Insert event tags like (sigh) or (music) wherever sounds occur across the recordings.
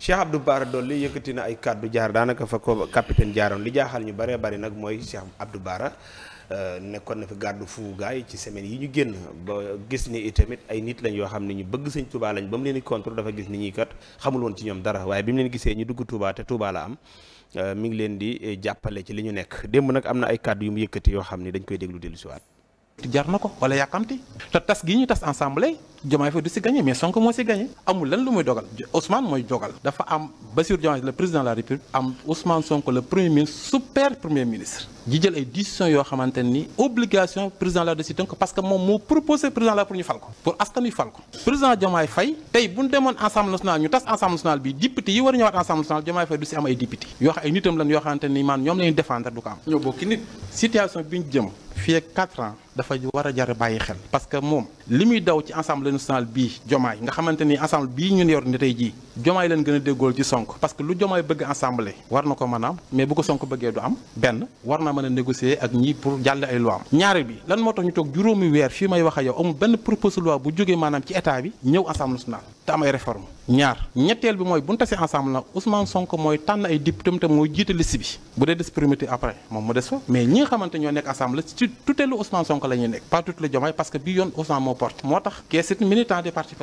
Cheikh baara Bara Dolly yëkkati na ay kàddu jaar daanaka fa ko capitaine jaaroon li jaaxal ñu baree bari nag mooy Cheikh Abdou Bara euh, nekkoon na fi garde fou gars yi ci semaine yi ñu génn ba gis ni itamit ay nit lañ yoo xam ne ñu bëgg sëñ Touba lañ ba mu leen di contrôle dafa gis ni ñuy kat xamul woon ci ñoom dara waaye bi mu leen gisee ñu dugg Touba te Touba la am euh, mu ngi leen di jàppale ci li ñu nekk démb nag am na ay kàddu yu mu yëkkati yoo xam ni dañ koy déglu dellu siwaat jar na ko wala yàkkamti te tas gi ñu tas ensemble Diomaye Faye du si gagné mais Sonko moo si gagné amul lan lu muy dogal Ousmane mooy dogal dafa am Bassirou Diomaye le président de la République am Ousmane Sonko le premier ministre super premier ministre ji jël ay décisions yoo xamante ni obligation président la de si tënk parce que moom moo proposé président la pour ñu fal ko pour askan wi fal ko président Diomaye Faye tey bu ñu demoon Assemblée nationale a ñëwaat Assemblée nationale Diomaye Faye du si am ay député yoo xam ay nitam lan yoo fii ak 4 ans dafa war a jar bàyyi xel parce que moom li muy daw ci assemblée nationale bii jomaay nga xamante ni assemblée bi ñu yor ni tey jii jomaay leen gën a déggool ci Sonko parce que lu jomaay bëgg assemblée war na ko mën a am mais bu ko Sonko bëggee du am benn war naa mën a négocier ak ñii pour jàll ay loi am ñaari bi lan moo tax ñu toog juróomi weer fii may wax a yow amul benn proposition loi bu jógee maanaam ci état bi ñëw assemblée nationale te am ay réforme ñaar ñetteel bi mooy bu ñu tasee ensemble nag Ousmane Sonko mooy tànn ay député te mooy jiite liste bi bu dee des primité après moom mu des fa mais ñi xamante ñoo nekk assemblée ci tutelu Ousmane Sonko la ñuy nekk pas tutelu parce que bii yoon Ousmane moo porte moo tax kee sit militant des partis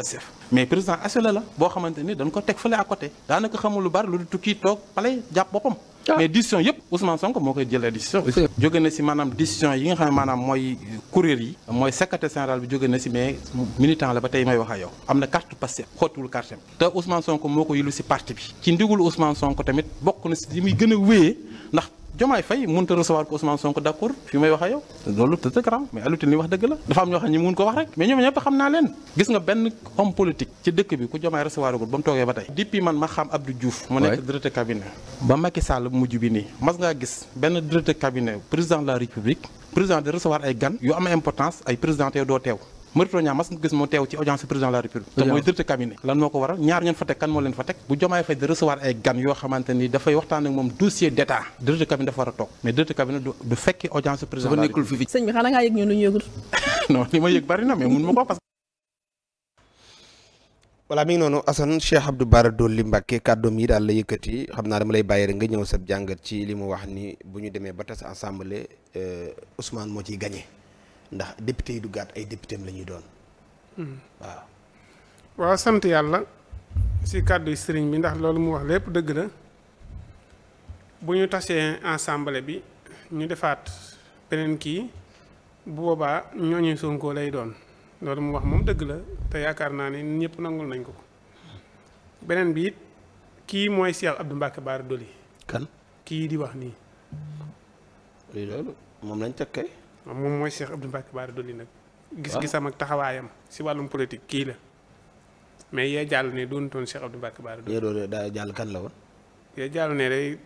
mais président assuré la boo xamante ni dañ ko teg fële à côté daanaka xamul lu bari lu du tukki toog pale jàpp boppam Ah. mais décision yëpp Ousmane Sonko moo koy jëlee décision jóge na si maanaam décision yi nga xam ne maanaam mooy kuréel yi mooy secrétaire général bi jóge na si mais militant la ba tey may wax yow am na carte passé xottuwul carte am te Ousmane Sonko moo ko yilu si parti bi ci ndigul Ousmane Sonko tamit bokk na si muy gën a wéyee ndax Diomaye Faye mënut a recevoir ko Ousmane Sonko d'accord fi may wax ak yow loolu c'est grave mais Alioune li wax dëgg la dafa am ñoo xam ne mun ko wax rek mais ñoom ñëpp xam naa leen gis nga benn homme politique ci dëkk bi ku Diomaye recevoir ko ba mu toogee ba tey depuis man ma xam Abdou Diouf mu nekk directeur cabinet ba Macky Sall mujj bi nii mas ngaa gis benn directeur cabinet président de la République président de recevoir ay gan yu am importance ay doo teew Mary Teuw Niane mas nga gis mu teew ci audience président de la république te mooy directeur cabinet lan moo ko waral ñaar ñoon fa teg kan moo leen fa teg bu Diomaye Faye di recevoir ay gan yoo xamante ni dafay waxtaan ak moom dossier d' état directeur dafa war a toog mais directeur cabinet du fekkee audience président sëñ bi xanaa ngaa yëg (laughs) mi ngi noonu Assane Cheikh Abdou Bara Dolly Mbacké kàddoom yi daal la yëkkati xam naa dama lay bàyyi rek nga ñëw sa jàngat ci li mu wax ni bu ñu demee ba tas assemblée euh, Ousmane moo ci gagné. ndax député yi du gàtt ay députéem la ñuy doon waaw sant yàlla si kàddu sëriñ bi ndax loolu mu wax lépp dëgg la bu ñu tasee ensemble bi ñu defaat beneen kii bu boobaa ñooñu Sonko lay doon loolu mu wax moom dëgg la te yaakaar naa ne ñëpp nangul nañ ko ko beneen bi it kii mooy Cheikh Abdou Mbacke Bara Dolly kan kii di wax nii. loolu moom lañ teg kay moom mooy Cheikh Abdou baar Bara Dolly nag. gis-gisam ah. ak taxawaayam si wàllum politique kii la mais yee jàll ne doonutoon Cheikh Abdou Mbacke Bara Dolly. yee doon daa jàll kan la woon. yee jàll ne day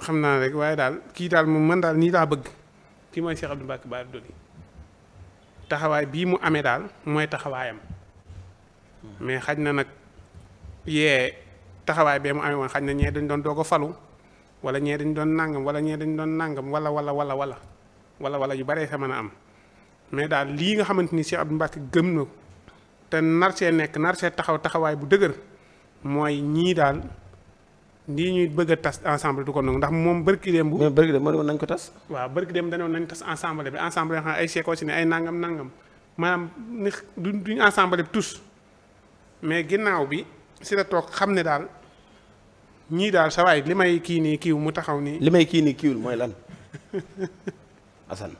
xam naa rek waaye daal kii daal moom mën daal nii laa bëgg kii mooy Cheikh Abdou Mbacke Bara Dolly taxawaay bii mu amee daal mooy taxawaayam mais xaj na nag yee taxawaay bee mu amee woon xaj na ñee dañ doon doog a falu wala ñee dañ doon nangam wala ñee dañ doon nangam wala wala wala wala. wala wala yu baree sa mën a am mais daal lii nga xamante ni si Abdou Mbacke gëm na te nar nekk nar taxaw taxawaay bu dëgër mooy ñii daal lii ñuy bëgg a tas ensemble du ko nangu ndax moom bërki dem bu. bërki dem moo nañ ko tas. waaw bërki dem dañoo nañ tas ensemble bi ensemble yoo xam ne ay seekoo si ne ay nangam nangam maanaam ni duñ ensemble bi tous mais ginnaaw bi si la toog xam ne daal ñii daal sa li may kii nii kiiw mu taxaw nii. li may kii nii kiiwul mooy lan. (laughs) Assane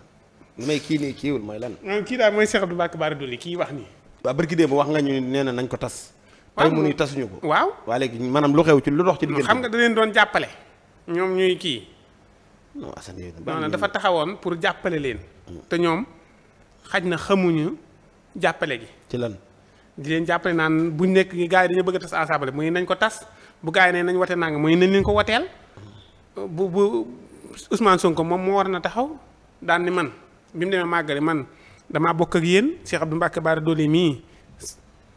li may kii nii kiiwul mooy lan. kii daal mooy Cheikh Abdou Bakar Bara Dolly kii wax nii. waaw barki démb wax nga ñu nee na nañ ko tas. waaw mu ni tasuñu ko. waaw waa léegi maanaam lu xew ci lu dox ci diggante. xam nga da doon jàppale. ñoom ñuy kii. non Assane yooyu non dafa taxawoon pour jàppale leen. te ñoom xaj na xamuñu jàppale ci lan. leen jàppale naan buñ nekk gaa yi dañu bëgg a tas assemblée muy nañ ko tas bu gaa yi ne nañ wote nang muy nañ leen ko woteel bu bu Ousmane ko moom moo war na taxaw daan ni man bi mu demee màggale man damaa bokk ak yéen Cheikh Abdou Mbacke Bara Dolly mii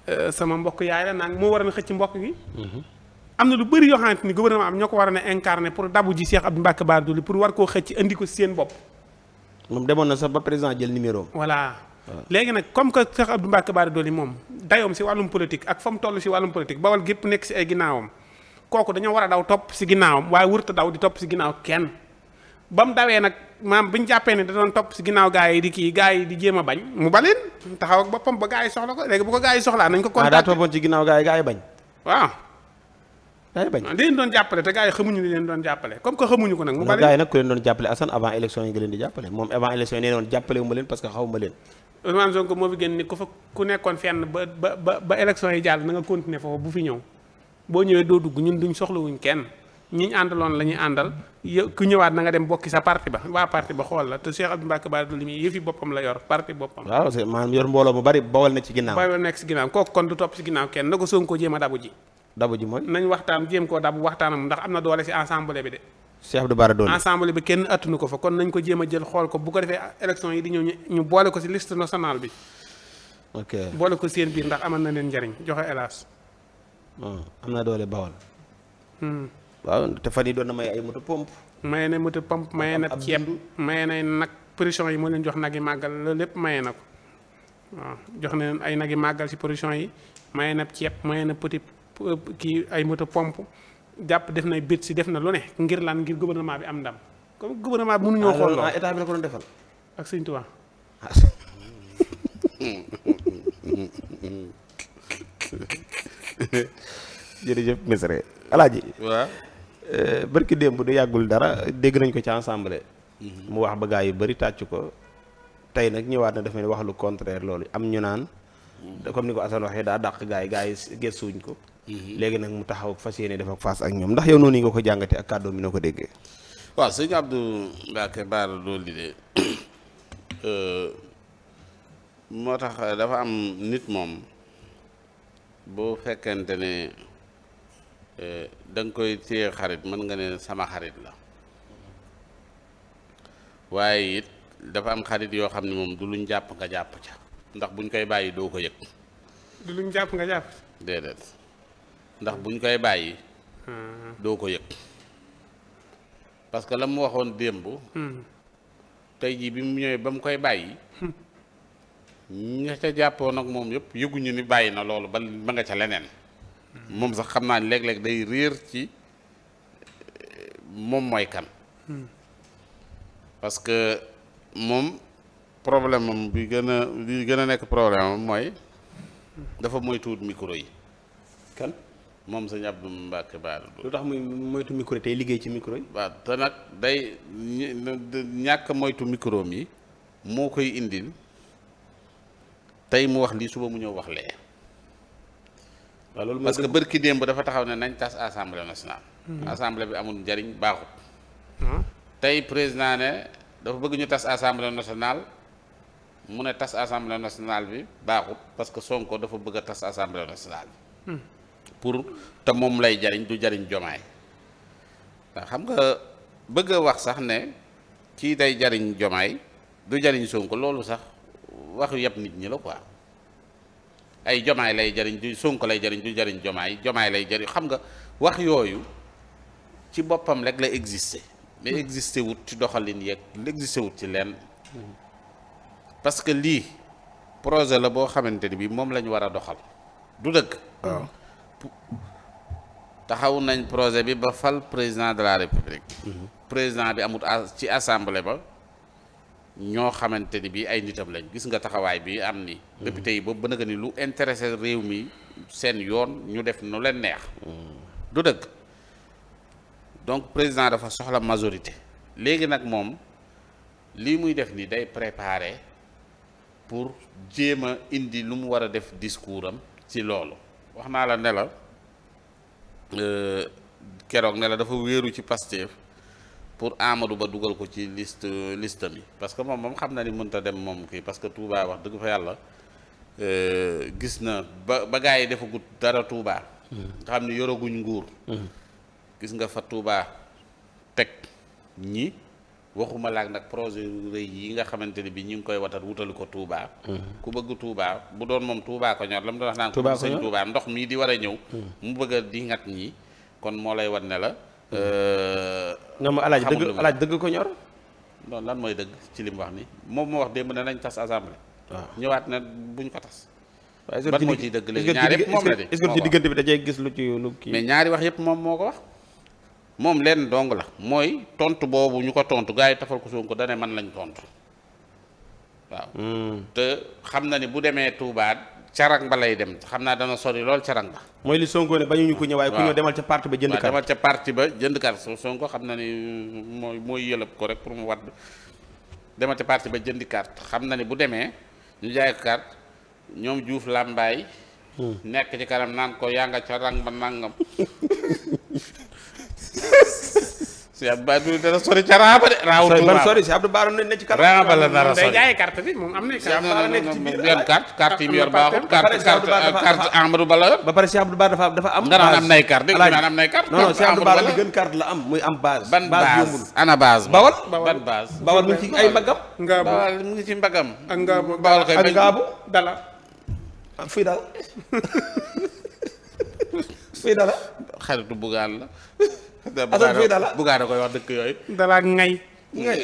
euh, sama mbokk yaay la naan moo war a xëcc mbokk gi. Mhm. am na lu bëri yoo xamante ni gouvernement am ñoo ko war a incarné pour dabu ji Cheikh Abdou Mbacke Bara Dolly pour war koo xëcc andi ko seen bopp. moom demoon na sax ba président jël numéro voilà léegi nag comme que Cheikh Abdou Mbacke Bara Dolly moom dayoom si wàllum politique ak fa mu toll si wàllum politique bawal gépp nekk si ay ginnaawam kooku dañoo war a daw topp si ginnaawam waaye wërta daw di topp si ginnaaw kenn. ba mu dawee nag maam bi ñu jàppee ne da doon topp si ginnaaw gars yi di kii gars yi di jéem a bañ mu baleen taxaw boppam ba gars yi soxla ko léegi bu ko gars yi soxlaa nañ ko contacté ah, daa toppoon ci ginnaaw gars yi gars yi bañ waaw gars bañ di leen doon jàppale te gars xamuñu li leen doon jàppale comme que xamuñu ko nag mu baleen gars yi nag ku leen doon jàppale Assane avant élection yi nga leen di jàppale moom avant élection yi nee doon jàppale wu leen parce que xaw ma leen Ousmane Sonko moo na nga continuer bu fi ñëw boo ñëwee doo dugg ñun duñ soxlawuñ kenn ñi àndaloon lañuy ñuy àndal yow ku ñëwaat na nga dem bokki sa parti ba waa parti ba xool la te Cheikh Abdou Mbacke Bara Dolly yëfi boppam la yor parti boppam. waaw maanaam yor mbooloo bu bari bawal nekk ci ginnaaw. bawal nekk ci ginnaaw kooku kon du topp ci ginnaaw kenn na ko Sonko jéem a dabu ji. dabu ji mooy. nañ waxtaan jéem koo dabu waxtaanam ndax am na doole si ensemble bi de. Cheikh Abdou Bara Dolly ensemble bi kenn attunu ko fa kon nañ ko jéem a jël xool ko bu ko defee élection yi di ñëw ñu boole ko ci liste nationale bi. boole ko seen biir ndax amal na leen njariñ joxe hélas. am na doole bawal. Hmm. waaw te fan yi doon na may ay moto pomp maye na moto pompe maye na ceeb maye na nag production yi moo leen jox nag yi màggal loolu lépp maye na ko waaw jox na leen ay nag yi màggal si production yi maye na ceeb maye na petit kii ay moto pompe jàpp def na bët si def na lu ne ngir lan ngir gouvernement bi am ndam comme gouvernement bi mënuñoo ah, xool loolu ah, état bi la ko doon defal. ak sëñ Tuubaa. (laughs) jërëjëf Mesre Alaaji. waaw. Euh, barki démb du yàggul dara dégg nañ ko ci ensemble mhm. mu wax ba gaa yu bëri tàcc ko tey nag ñëwaat na dafa ne wax lu contraire loolu am ñu naan mhm. comme ni ko Assane waxee daa dàq gaa yi gaa yi gëstuwuñ ko mhm. léegi nag mu taxaw fas yéene def fas ak ñoom ndax yow noonu yi nga ko jàngate ak kàddoom bi na ko déggee waaw sëñ Abdou Mbacke Baara loolu li de (coughs) euh, moo tax dafa am nit moom bu fekkente ne Eh, da nga koy téye xarit mën nga ne sama xarit la waaye it dafa am xarit yoo xam ne moom du luñ jàpp nga jàpp ca ndax buñ koy bàyyi doo ko yëg. jàpp nga jàpp. ndax buñ koy bàyyi. Hmm. doo ko yëg parce que la mu waxoon démb. Hmm. tey jii bi mu ñëwee ba mu koy bàyyi. Hmm. ña ca jàppoon ak moom yëpp yëguñu ni bàyyi na loolu ba ba nga ca leneen. moom sax xam naa ne léeg-léeg day réer ci moom mooy kan parce que moom problème am bi gën a bi gën a nekk problème am mooy dafa moytuwut micro yi kan moom sëñ Abdou Mbacke Baara lu tax muy moytu micro yi tey liggéey ci micro yi waaw te nag day ñàkk moytu micro mi moo koy indil tey mu wax lii suba mu ñëw wax lee parce que bërki démb dafa taxaw ne nañ tas assemblée nationale. Hmm. assemblée bi amul njariñ baaxut. Hmm. tey président ne dafa bëgg ñu tas assemblée nationale mu ne tas assemblée nationale bi baaxut parce que Sonko dafa bëgg a tas assemblée nationale bi. Hmm. pour te moom lay jariñ du jariñ jomaay. ndax xam nga bëgg a wax sax ne kii day jariñ jomaay du jariñ Sonko loolu sax waxu yëpp nit ñi la quoi. ay jomaay lay jariñ du Sonko lay jariñ du jariñ jomaay jomaay lay jariñ xam nga wax yooyu ci boppam rek la exister la exister wut ci doxalin yeeg exister wut ci lenn parce que lii projet la boo xamante ni bii moom la ñu war a doxal du dëkk waaw taxaw nañ projet bi ba fal président de la république. Mhm. président bi amut ci assemblée ba. ñoo xamante ni bii ay nitam lañ gis nga taxawaay bi am ni mm. député yi boobu ba nga ni lu intérese réew mi seen yoon ñu def nu leen neex mm. du dëgg donc président dafa soxla majorité léegi nag moom lii muy def ni day préparer pour jéem a indi lu mu war a def discours am ci loolu wax naa la ne la euh, keroog ne la dafa wéeru ci Pastef pour Amadou Ba dugal ko ci list liste mi parce que moom moom xam na ni mënta dem moom kii parce que Touba wax dëgg fa yàlla euh, gis na ba ba gars yi defagut dara tuubaa nga xam ni yoraguñ nguur. gis nga fa Touba teg ñi waxuma laak nag projet yu yi nga xamante ni bi ñu ngi koy watal wutali ko Touba. ku bëgg tuubaa bu doon moom Touba ko ñor la mu doon wax naan. Touba ko ñor Touba ndox mii di war a ñëw. mu bëgg a di ngat ñi kon moo lay wan ne la. Euh, non ma alaaj dëgg alaaj dëgg ko ñor non lan mooy dëgg ci li mu wax ni moom moo wax démb na nañ tas assemblée ah. waaw ñëwaat na bu buñ ko tas ban moo ciy dëgg léegi ñaar yëpp moom la de est-ce ci diggante bi da cee gis lu ci lu kii mais ñaari wax yëpp moom moo ko wax moom leen dong la mooy tontu boobu ñu ko tontu gars yi tafal ko Sonko dane man lañ tontu waaw hmm. te xam na ni bu demee Touba carang ba lay dem xam naa dana sori lool caran ba. mooy li Sonko ne bañuñu ko ñëw waaye ku ñëw demal ca parti ba jënd carte demal ca parti ba jënd Sonko xam na ni mooy mooy yëlëb ko rek pour mu wadd demal ca parti ba jëndi carte xam na ni bu demee ñu jaay ko carte ñoom Diouf làmbaay hmm. nekk ci kanam naan ko yaa nga ca ba nangam. (laughs) si Abdou Bara Dolly dana sori ca raaba de. raawut tuuba ban sori si Abdou Bara ne ci kanam. raaba la dara sori day jaay carte bi moom am na carte carte yi mu yor baaxul carte carte Amadou Ba la yor. ba pare si Abdou Bara dafa dafa am. dana am nay carte dégg nga am nay carte. non non si Abdou Bara li gën carte la am muy am base. ban base ana base. bawal ban base. bawal mu ngi ci ay mbagam. ngaabu bawal mu ngi ci mbagam. ak ngaabu bawal kay ak ngaabu dala. fii daal (laughs) fii dala. xaritu bugaan la. (laughs) asan fii dala bugaa da koy wax dëkk yooyu dalaak ngay ngay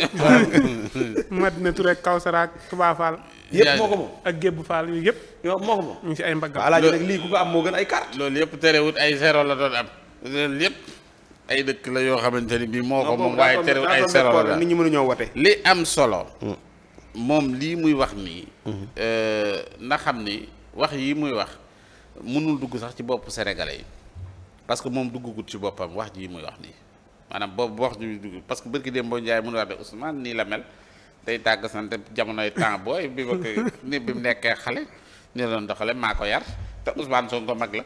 (laughs) Madina Touré Kawsara ak Touba Fall yëpp moo ko moom ak Gébu Fall yooyu yëpp yow moo ko moom ñu ngi si ay mbagg alaaji nag lii ku ko am moo gën ay carte loolu yëpp terewut ay zéro la doon am loolu yëpp ay dëkk la yoo xamante ni bii moo ko moom waaye terewut ay zéro la doon nit ñi mënu ñoo wote li am solo mm. moom lii muy wax nii mm-hmm. euh, na xam ni wax yi muy wax mënul dugg sax ci bopp sénégalais yi parce que moom duggagut ci boppam wax jii muy wax nii maanaam boobu wax ji muy dugg parce que bërki démb boo Ndiaye mu a wax de Ousmane nii la mel day tàgg sant jamonoy temps booy bi ma koy (laughs) ni bi mu nekkee xale ni doon ko yar te Ousmane Sonko mag la.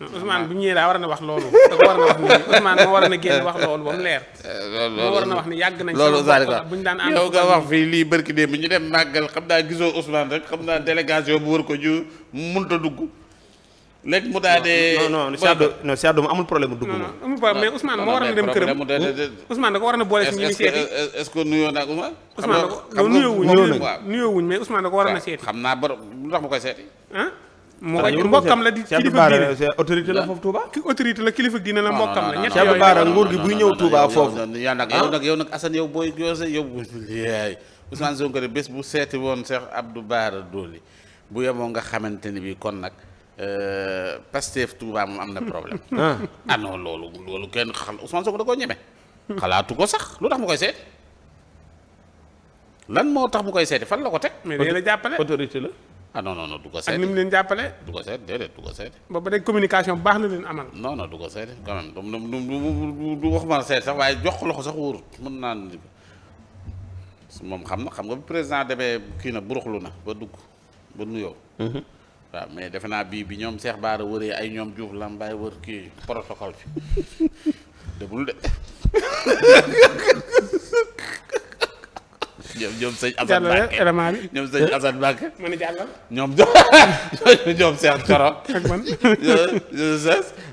Ousmane bu ñëwee daa war na wax loolu da war na wax wax loolu ba mu leer. (laughs) Eh, loolu war na wax ni yàgg nañ. loolu Ousmane bu ñu daan ànd yow wax fii lii bërki démb bi ñu dem màggal xam naa gisoo Ousmane rek xam naa délégation bu wër ko ju mënut a dugg. léegi mu daal de. non non Sadio non Sadio amul problème dugg moom. amul problème mais Ousmane moo waroon a dem këram Ousmane da ko waroon a boole si ñu seeti. est-ce que nuyoo na ak Ousmane. Ousmane da ko nuyoowuñ nuyoowuñ mais Ousmane da ko waroon a seeti. xam naa borom lu tax mu koy seeti. ah mu koy mbokkam la di. kilifa diine autorité la foofu Touba. autorité la kilifa diine la mbokkam la. ñett yooyu Baara nguur gi buy ñëw Touba foofu. yow nag yow nag yow nag Assane yow booy joose yow. Ousmane Sonko bés bu seeti woon Cheikh Abdou Bara Dolly bu yemoo nga xamante ni bi kon nag Euh, Pastef Touba moom am na problème. (laughs) ah, ah loolu loolu kenn xal Ousmane Sonko da koo ñeme. xalaatu ko sax lu tax mu koy seet. lan moo tax mu koy seeti fan la ko teg. mais la jàppale autorité la. ah non non du ko seeti ak ni mu leen jàppale. du ko seeti déedéet du ko seeti. ba ba léegi communication baax na leen amal. non du ko seeti quand même du du du waxuma seet sax waaye jox ko sa sax wóorut mën naa moom xam na xam nga président demee kii na buruxlu na ba dugg ba nuyoo. Mhm. waaw mais defe naa bii bi ñoom seex Baara wëree ay ñoom Diouf Lambaay wër kii protocole bi (laughs) déglu de. (laughs) ñoom ñoom sëñ Assane Mbacke élément bi ñoom sëñ Assane Mbacke. mën Coro.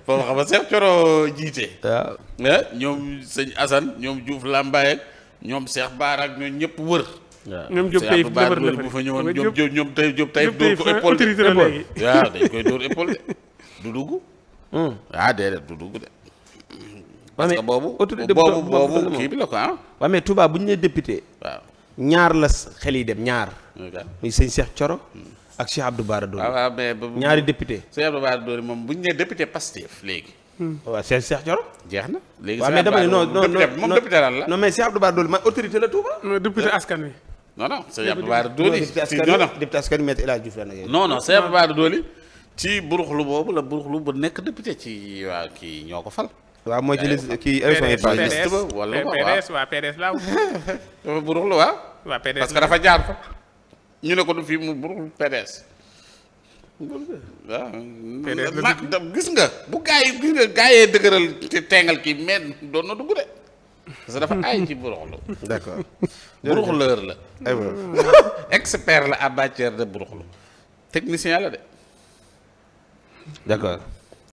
foofu xam nga Cheikh Coro jiite. waaw eh, ñoom sëñ Assane ñoom Diouf Lambaay ñoom Cheikh Baara ak ñoom ñëpp wër. ñoom Diop tey defar na bu fa ñëwoon ñoom Diop ñoom tey Diop tey dóor ko épaule autorité la (laughs) du dugg hmm. ah déedéet du dugg boobu autorité boobu boobu kii bi la ko ah waaw mais Touba bu ñu nee député waaw ñaar la xel yi dem ñaar muy sëñ Cheikh Thioro ak Cheikh Abdou Bara Dolly ah, waaw ñaari député Cheikh Abdou moom bu ñu nee député Pastef léegi hmm. oh, waaw Cheikh Cheikh Thioro jeex na léegi waaw mais dama ne non non moom député la non mais eh? askan wi non non sëñ Abdou Bara Dolly non non député askan maître nag non non sëñ Abdou Bara Dolly ci buruxlu boobu la buruxlu ba nekk député ci waa kii ñoo ko fal waaw mooy ci liste eh, kii élection yi waa PDS (laughs) la dafa buruxlu parce que dafa jaar fa ñu ne ko du fii mu buruxlu PDS waaw ma gis nga bu gaa yi gis nga gaa dëgëral teengal kii mais doon na dugg de parce que dafa aay ci buruxlu. d' accord buruxleur la. aywa expert la en matière de buruxlu technicien la de. accord.